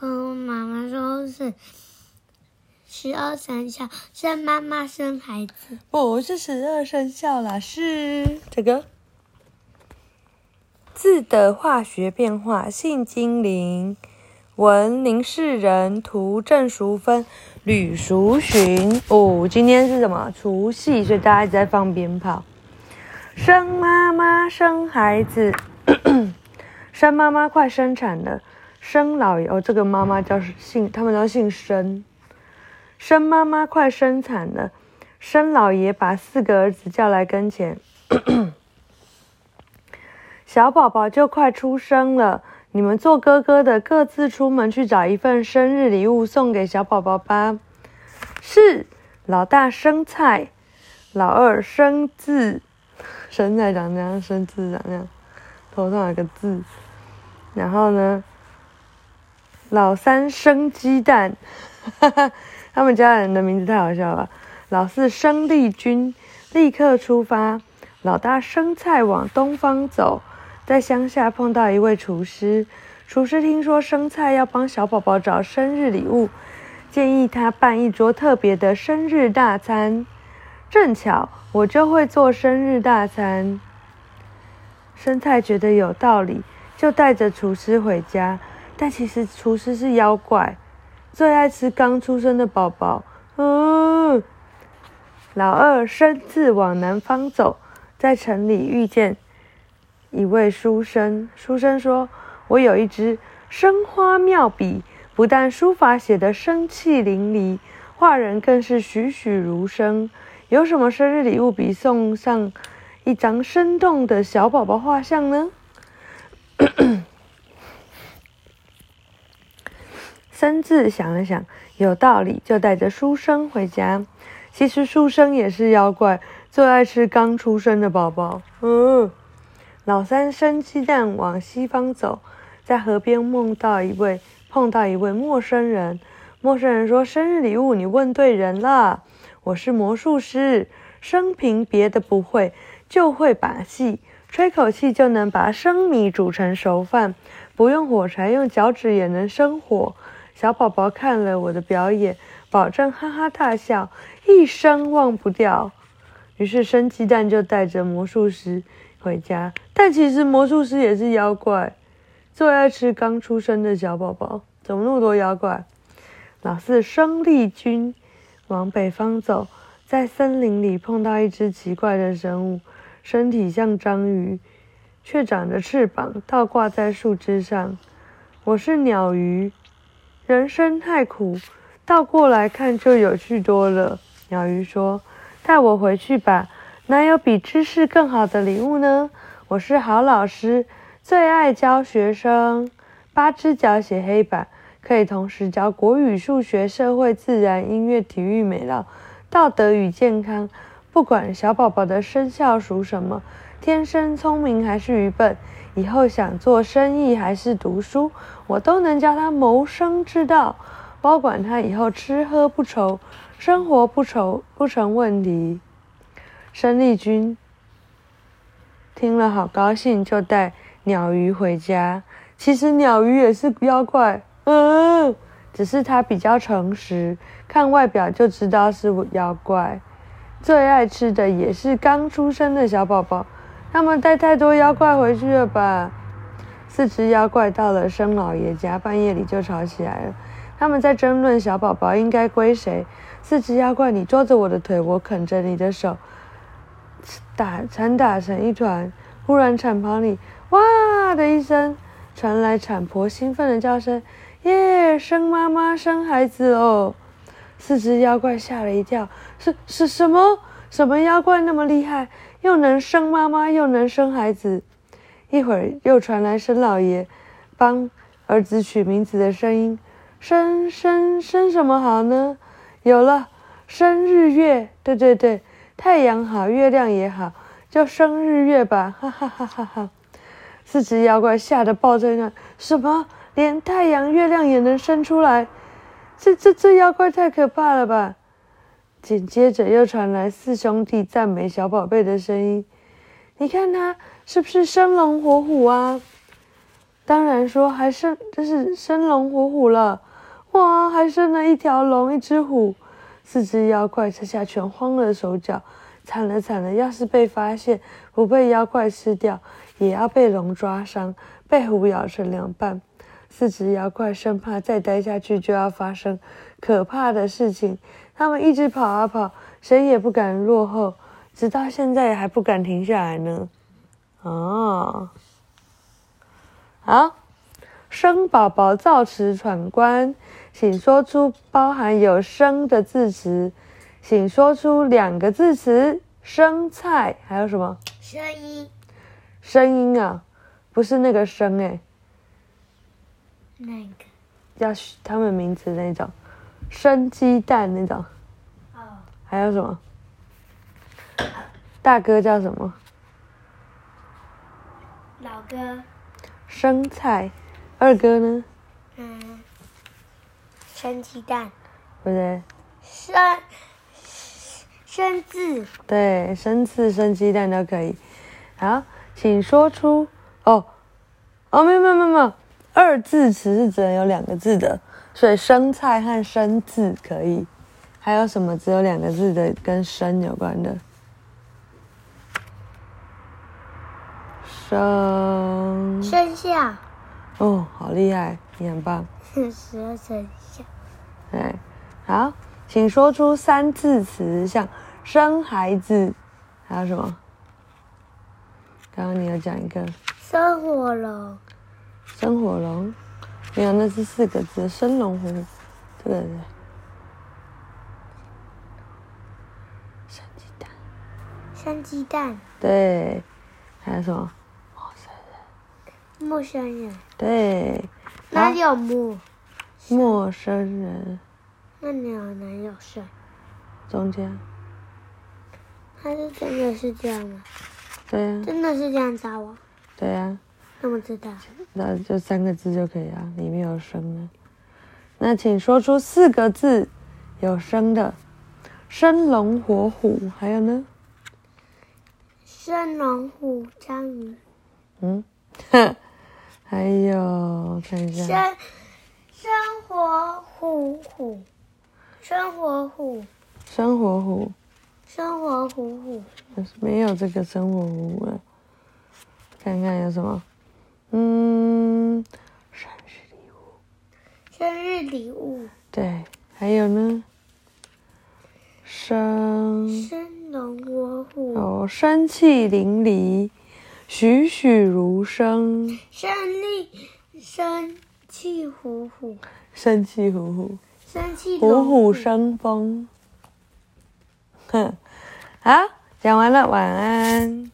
跟我媽媽說，是十二生肖生媽媽生孩子，不是十二生肖啦，是這個字的化學變化。信精靈，文林世也，圖鄭淑芬，呂淑恂。哦，今天是什麼？除夕，所以大家一直在放鞭炮。生媽媽生孩子， 生媽媽快生產了。.生老爺，哦，這個媽媽叫姓，他們都姓生。生媽媽快生產了，生老爺把四個兒子叫來跟前，小寶寶就快出生了。你們做哥哥的各自出門去找一份生日禮物送給小寶寶吧。是，老大生菜，老二生字，生菜長這樣，生字長這樣，頭上有個字。然後呢？老三生雞蛋， 他們家人的名字太好笑了。老四生力軍，立刻出發。老大生菜往東方走，在鄉下碰到一位廚師。廚師聽說生菜要幫小寶寶找生日禮物，建議他辦一桌特別的生日大餐。正巧我就會做生日大餐，生菜覺得有道理，就帶着廚師回家。但其實廚師是妖怪，最愛吃剛出生的寶寶。嗯，老二生字往南方走，在城裡遇見一位書生。書生說：“我有一支生花妙筆，不但書法寫得生氣淋漓，畫人更是栩栩如生。有什麼生日禮物比送上一張生動的小寶寶畫像呢？” 三字想了想，有道理，就帶着書生回家。其實書生也是妖怪，最愛吃剛出生的寶寶。嗯，老三生雞蛋往西方走，在河邊夢到一位，碰到一位陌生人。陌生人說：“生日禮物，你問對人了。我是魔術師，生平別的不會，就會把戲。吹口氣就能把生米煮成熟飯，不用火柴，用腳趾也能生火。”小寶寶看了我的表演，保證哈哈大笑，一生忘不掉。於是生雞蛋就帶着魔術師回家，但其實魔術師也是妖怪，最愛吃剛出生的小寶寶。怎麼那麼多妖怪？老四生力軍往北方走，在森林裡碰到一隻奇怪的生物，身體像章魚，卻長着翅膀，倒掛在樹枝上。我是鳥魚。人生太苦，倒過來看就有趣多了。鳥魚說：“帶我回去吧，哪有比知識更好的禮物呢？”我是好老師，最愛教學生。八隻腳寫黑板，可以同時教國語、數學、社會、自然、音樂、體育、美勞、道德與健康。不管小寶寶的生肖屬什麼，天生聰明還是愚笨。以後想做生意還是讀書，我都能教他謀生之道，包管他以後吃喝不愁，生活不愁不成問題。申利軍聽了好高興，就帶鳥魚回家。其實鳥魚也是妖怪，嗯、呃，只是它比較誠實，看外表就知道是妖怪。最愛吃的也是剛出生的小寶寶。他們帶太多妖怪回去了吧？四隻妖怪到了生老爺家，半夜裡就吵起來了。他們在爭論小寶寶應該歸誰。四隻妖怪，你捉着我的腿，我啃着你的手，打纏打成一團。忽然產房裡“哇”的一聲，傳來產婆興奮的叫聲：“耶，生媽媽生孩子哦！”四隻妖怪嚇了一跳：“是是什麼？什麼妖怪那麼厲害？”又能生媽媽，又能生孩子，一會兒又傳來生老爺，幫兒子取名字的聲音，生生生什麼好呢？有了，生日月。對對對，太陽好，月亮也好，就生日月吧，哈哈哈哈！四隻妖怪嚇得抱在那，什麼？連太陽、月亮也能生出來？這這這妖怪太可怕了吧！緊接着又傳來四兄弟贊美小寶貝的聲音：“你看他是不是生龍活虎啊？”當然說，還生，這是生龍活虎了！哇，還生了一條龍，一隻虎，四隻妖怪這下全慌了手腳，慘了慘了！要是被發現，不被妖怪吃掉，也要被龍抓傷，被虎咬成兩半。四隻妖怪生怕再待下去就要發生可怕的事情。他們一直跑啊跑，誰也不敢落後，直到現在還不敢停下來呢。啊、哦，好，生寶寶造詞闖關，請說出包含有“生”的字詞，請說出兩個字詞：生菜還有什麼？聲音，聲音啊，不是那個“聲”哎，那個？叫他們名字那種。生雞蛋那種，啊、哦，還有什麼？大哥叫什麼？老哥。生菜，二哥呢？嗯。生雞蛋。不對。生。生字。對，生字、生雞蛋都可以。好，請說出哦，哦，沒有沒有沒有，二字詞是只能有兩個字的。所以，生菜和生字可以，還有什麼只有兩個字的跟生有關的？生生下。哦，好厲害，你很棒。蛇生下。哎，好，請說出三字詞，像生孩子，還有什麼？剛剛你有講一個生火龍，生火龍。沒有，那是四個字，生龍活虎，對不對？生雞蛋，生雞蛋，對。還有什麼？陌生人，陌生人，對。哪裡有陌、啊？陌生人。那哪裡有男有是。中間。還是真的是這樣的？對呀、啊。真的是這樣扎我？對呀、啊。對啊那麼知道？那就三個字就可以啊，裡面有生的、啊。那請說出四個字，有生的。生龍活虎，還有呢？生龍虎章魚。嗯。哼，還有，我看一下。生，生活虎。虎，生活虎。生活虎。生活虎。虎、就是，沒有這個生活虎啊。看看有什麼。嗯，生日禮物，生日禮物，對，還有呢，生生龍活虎，哦，生氣淋漓，栩栩如生，勝利，生氣虎虎，生氣虎虎，生氣虎，虎虎生風，哼， 好，講完了，晚安。